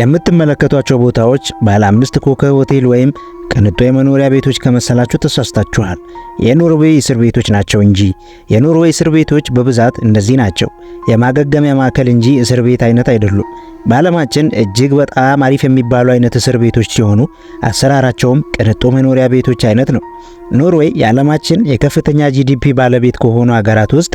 የምትመለከቷቸው ቦታዎች ባለ አምስት ኮከብ ሆቴል ወይም ቅንጦ የመኖሪያ ቤቶች ከመሰላችሁ ተሳስታችኋል። የኖርዌይ እስር ቤቶች ናቸው እንጂ። የኖርዌይ እስር ቤቶች በብዛት እንደዚህ ናቸው፣ የማገገሚያ ማዕከል እንጂ እስር ቤት አይነት አይደሉም። በዓለማችን እጅግ በጣም አሪፍ የሚባሉ አይነት እስር ቤቶች ሲሆኑ አሰራራቸውም ቅንጡ መኖሪያ ቤቶች አይነት ነው። ኖርዌይ የዓለማችን የከፍተኛ ጂዲፒ ባለቤት ከሆኑ ሀገራት ውስጥ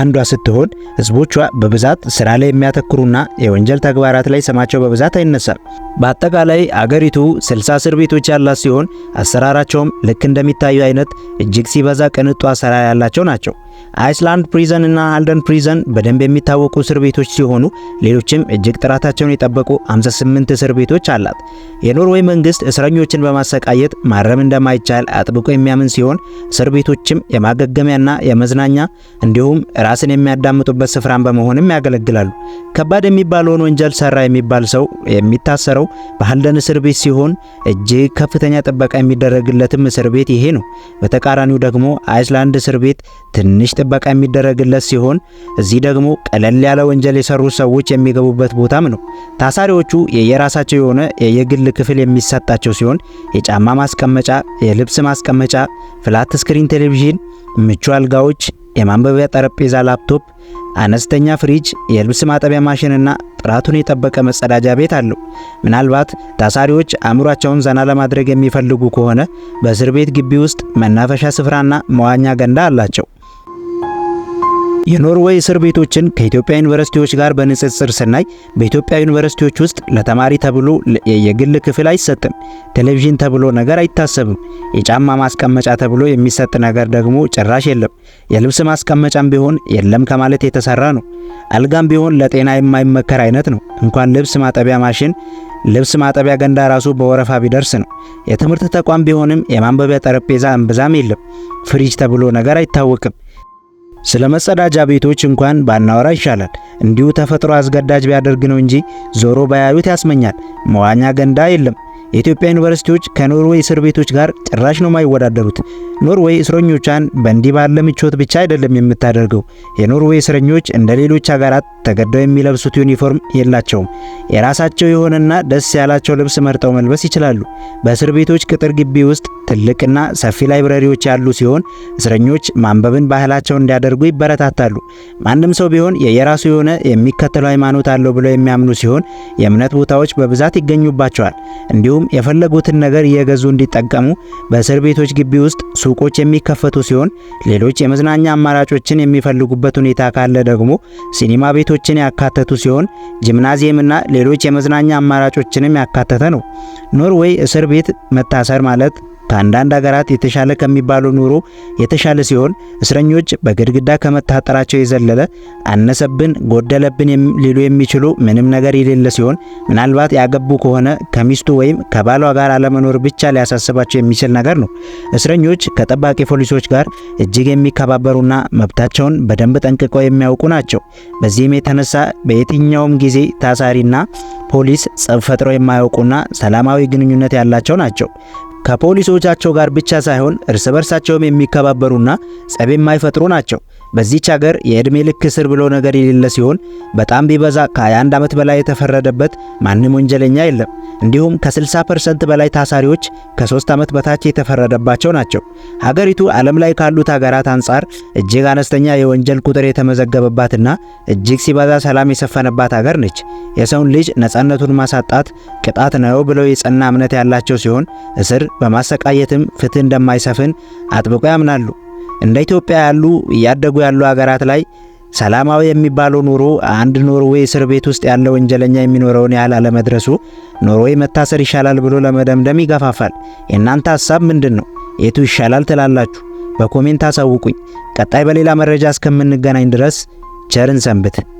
አንዷ ስትሆን ህዝቦቿ በብዛት ስራ ላይ የሚያተክሩና የወንጀል ተግባራት ላይ ስማቸው በብዛት አይነሳም። በአጠቃላይ አገሪቱ 60 እስር ቤቶች ያላት ሲሆን አሰራራቸውም ልክ እንደሚታዩ አይነት እጅግ ሲበዛ ቅንጡ አሰራር ያላቸው ናቸው። አይስላንድ ፕሪዘን እና አልደን ፕሪዘን በደንብ የሚታወቁ እስር ቤቶች ሲሆኑ ሌሎችም እጅግ ጥራታቸውን የጠበቁ 58 እስር ቤቶች አላት። የኖርዌይ መንግስት እስረኞችን በማሰቃየት ማረም እንደማይቻል አጥብቆ የሚያምን ሲሆን እስር ቤቶችም የማገገሚያና የመዝናኛ እንዲሁም ራስን የሚያዳምጡበት ስፍራን በመሆንም ያገለግላሉ። ከባድ የሚባለውን ወንጀል ሰራ የሚባል ሰው የሚታሰረው በአልደን እስር ቤት ሲሆን እጅግ ከፍተኛ ጥበቃ የሚደረግለትም እስር ቤት ይሄ ነው። በተቃራኒው ደግሞ አይስላንድ እስር ቤት ትንሽ ትንሽ ጥበቃ የሚደረግለት ሲሆን እዚህ ደግሞ ቀለል ያለ ወንጀል የሰሩ ሰዎች የሚገቡበት ቦታም ነው። ታሳሪዎቹ የየራሳቸው የሆነ የየግል ክፍል የሚሰጣቸው ሲሆን የጫማ ማስቀመጫ፣ የልብስ ማስቀመጫ፣ ፍላት ስክሪን ቴሌቪዥን፣ ምቹ አልጋዎች፣ የማንበቢያ ጠረጴዛ፣ ላፕቶፕ፣ አነስተኛ ፍሪጅ፣ የልብስ ማጠቢያ ማሽንና ጥራቱን የጠበቀ መጸዳጃ ቤት አለው። ምናልባት ታሳሪዎች አእምሯቸውን ዘና ለማድረግ የሚፈልጉ ከሆነ በእስር ቤት ግቢ ውስጥ መናፈሻ ስፍራና መዋኛ ገንዳ አላቸው። የኖርዌይ እስር ቤቶችን ከኢትዮጵያ ዩኒቨርሲቲዎች ጋር በንጽጽር ስናይ በኢትዮጵያ ዩኒቨርሲቲዎች ውስጥ ለተማሪ ተብሎ የግል ክፍል አይሰጥም። ቴሌቪዥን ተብሎ ነገር አይታሰብም። የጫማ ማስቀመጫ ተብሎ የሚሰጥ ነገር ደግሞ ጭራሽ የለም። የልብስ ማስቀመጫም ቢሆን የለም ከማለት የተሰራ ነው። አልጋም ቢሆን ለጤና የማይመከር አይነት ነው። እንኳን ልብስ ማጠቢያ ማሽን ልብስ ማጠቢያ ገንዳ ራሱ በወረፋ ቢደርስ ነው። የትምህርት ተቋም ቢሆንም የማንበቢያ ጠረጴዛ እምብዛም የለም። ፍሪጅ ተብሎ ነገር አይታወቅም። ስለ መጸዳጃ ቤቶች እንኳን ባናወራ ይሻላል። እንዲሁ ተፈጥሮ አስገዳጅ ቢያደርግ ነው እንጂ ዞሮ ባያዩት ያስመኛል። መዋኛ ገንዳ የለም። የኢትዮጵያ ዩኒቨርሲቲዎች ከኖርዌይ እስር ቤቶች ጋር ጭራሽ ነው የማይወዳደሩት። ኖርዌይ እስረኞቿን በእንዲህ ባለ ምቾት ብቻ አይደለም የምታደርገው። የኖርዌይ እስረኞች እንደ ሌሎች ሀገራት ተገደው የሚለብሱት ዩኒፎርም የላቸውም። የራሳቸው የሆነና ደስ ያላቸው ልብስ መርጠው መልበስ ይችላሉ። በእስር ቤቶች ቅጥር ግቢ ውስጥ ትልቅና ሰፊ ላይብረሪዎች ያሉ ሲሆን እስረኞች ማንበብን ባህላቸው እንዲያደርጉ ይበረታታሉ። ማንም ሰው ቢሆን የየራሱ የሆነ የሚከተለው ሃይማኖት አለው ብለው የሚያምኑ ሲሆን የእምነት ቦታዎች በብዛት ይገኙባቸዋል። እንዲሁም የፈለጉትን ነገር እየገዙ እንዲጠቀሙ በእስር ቤቶች ግቢ ውስጥ ሱቆች የሚከፈቱ ሲሆን ሌሎች የመዝናኛ አማራጮችን የሚፈልጉበት ሁኔታ ካለ ደግሞ ሲኒማ ቤቶችን ያካተቱ ሲሆን ጂምናዚየምና ሌሎች የመዝናኛ አማራጮችንም ያካተተ ነው። ኖርዌይ እስር ቤት መታሰር ማለት ከአንዳንድ ሀገራት የተሻለ ከሚባለው ኑሮ የተሻለ ሲሆን እስረኞች በግድግዳ ከመታጠራቸው የዘለለ አነሰብን፣ ጎደለብን ሊሉ የሚችሉ ምንም ነገር የሌለ ሲሆን ምናልባት ያገቡ ከሆነ ከሚስቱ ወይም ከባሏ ጋር አለመኖር ብቻ ሊያሳስባቸው የሚችል ነገር ነው። እስረኞች ከጠባቂ ፖሊሶች ጋር እጅግ የሚከባበሩና መብታቸውን በደንብ ጠንቅቀው የሚያውቁ ናቸው። በዚህም የተነሳ በየትኛውም ጊዜ ታሳሪና ፖሊስ ጸብ ፈጥረው የማያውቁና ሰላማዊ ግንኙነት ያላቸው ናቸው። ከፖሊሶቻቸው ጋር ብቻ ሳይሆን እርስ በርሳቸውም የሚከባበሩና ጸብ የማይፈጥሩ ናቸው። በዚች ሀገር የዕድሜ ልክ እስር ብሎ ነገር የሌለ ሲሆን በጣም ቢበዛ ከ21 ዓመት በላይ የተፈረደበት ማንም ወንጀለኛ የለም። እንዲሁም ከ60% በላይ ታሳሪዎች ከ3 ዓመት በታች የተፈረደባቸው ናቸው። ሀገሪቱ ዓለም ላይ ካሉት ሀገራት አንጻር እጅግ አነስተኛ የወንጀል ቁጥር የተመዘገበባትና እጅግ ሲበዛ ሰላም የሰፈነባት ሀገር ነች። የሰውን ልጅ ነፃነቱን ማሳጣት ቅጣት ነው ብለው የጸና እምነት ያላቸው ሲሆን እስር በማሰቃየትም ፍትህ እንደማይሰፍን አጥብቆ ያምናሉ። እንደ ኢትዮጵያ ያሉ እያደጉ ያሉ ሀገራት ላይ ሰላማዊ የሚባለው ኑሮ አንድ ኖርዌይ እስር ቤት ውስጥ ያለ ወንጀለኛ የሚኖረውን ያህል አለመድረሱ ኖርዌይ መታሰር ይሻላል ብሎ ለመደምደም ይገፋፋል። የእናንተ ሀሳብ ምንድን ነው? የቱ ይሻላል ትላላችሁ? በኮሜንት አሳውቁኝ። ቀጣይ በሌላ መረጃ እስከምንገናኝ ድረስ ቸርን ሰንብት።